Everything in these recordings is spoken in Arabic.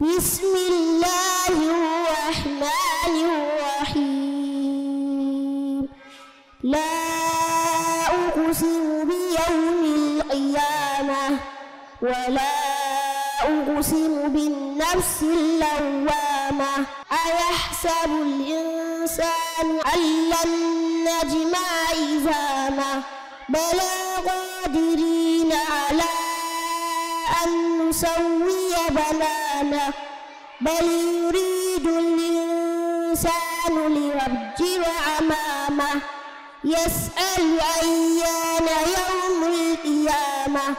بسم الله الرحمن الرحيم لا أقسم بيوم القيامة ولا أقسم بالنفس اللوامة أيحسب الإنسان أن لن نجمع عظامه بلى قادرين على أن نسوي بنانه بل يريد الإنسان ليرجع أمامه يسأل أيان يوم القيامة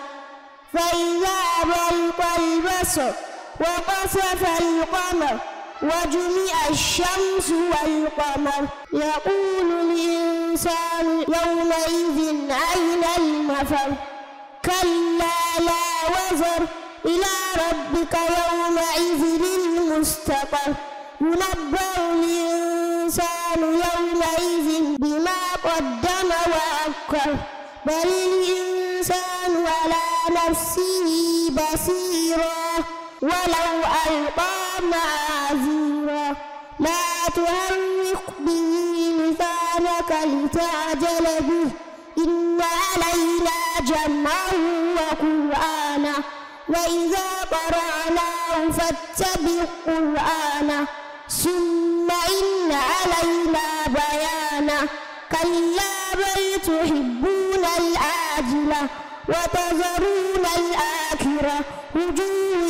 فإذا برق البصر وقصف القمر وجمع الشمس والقمر يقول الإنسان يومئذ أين المفر كلا السفر إلى ربك يومئذ المستقر ينبأ الإنسان يومئذ بما قدم وأكر بل الإنسان على نفسه بصيرا ولو ألقى معاذيرا لا تهرق به لسانك لتعجل به إن علينا قرأناه فاتبع القرآن ثم إن علينا بيانا كلا بل تحبون الآجلة وتذرون الآخرة وجوه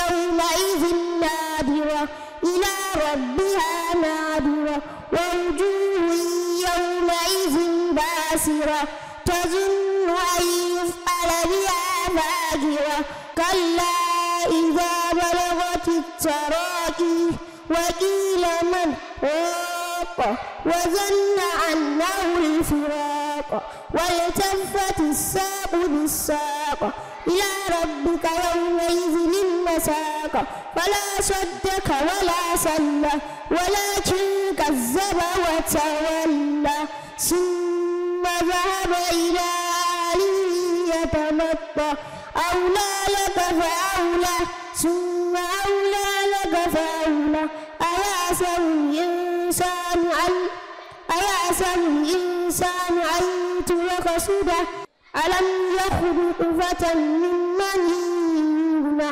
يومئذ نادرة إلى ربها نادرة ووجوه يومئذ باسرة تظن أن يفعل بها فاجرة كلا إذا بلغت التراجي وقيل من واق وظن أنه الفراق والتفت الساق بالساق إلى ربك يومئذ المساق فلا صدق ولا صلى ولكن كذب وتولى ثم ذهب إلى أهله يتمطى أولى أولى ثم أولى لك فأولى أيأسف الإنسان أن أيأسف الإنسان أن ترك سدى ألم يخلق فتى من مني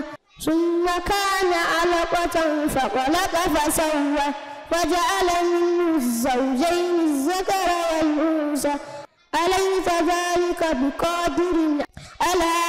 ثم كان علقة فقلق فسوى وجعل منه الزوجين الذكر والأنثى أليس ذلك بقادر على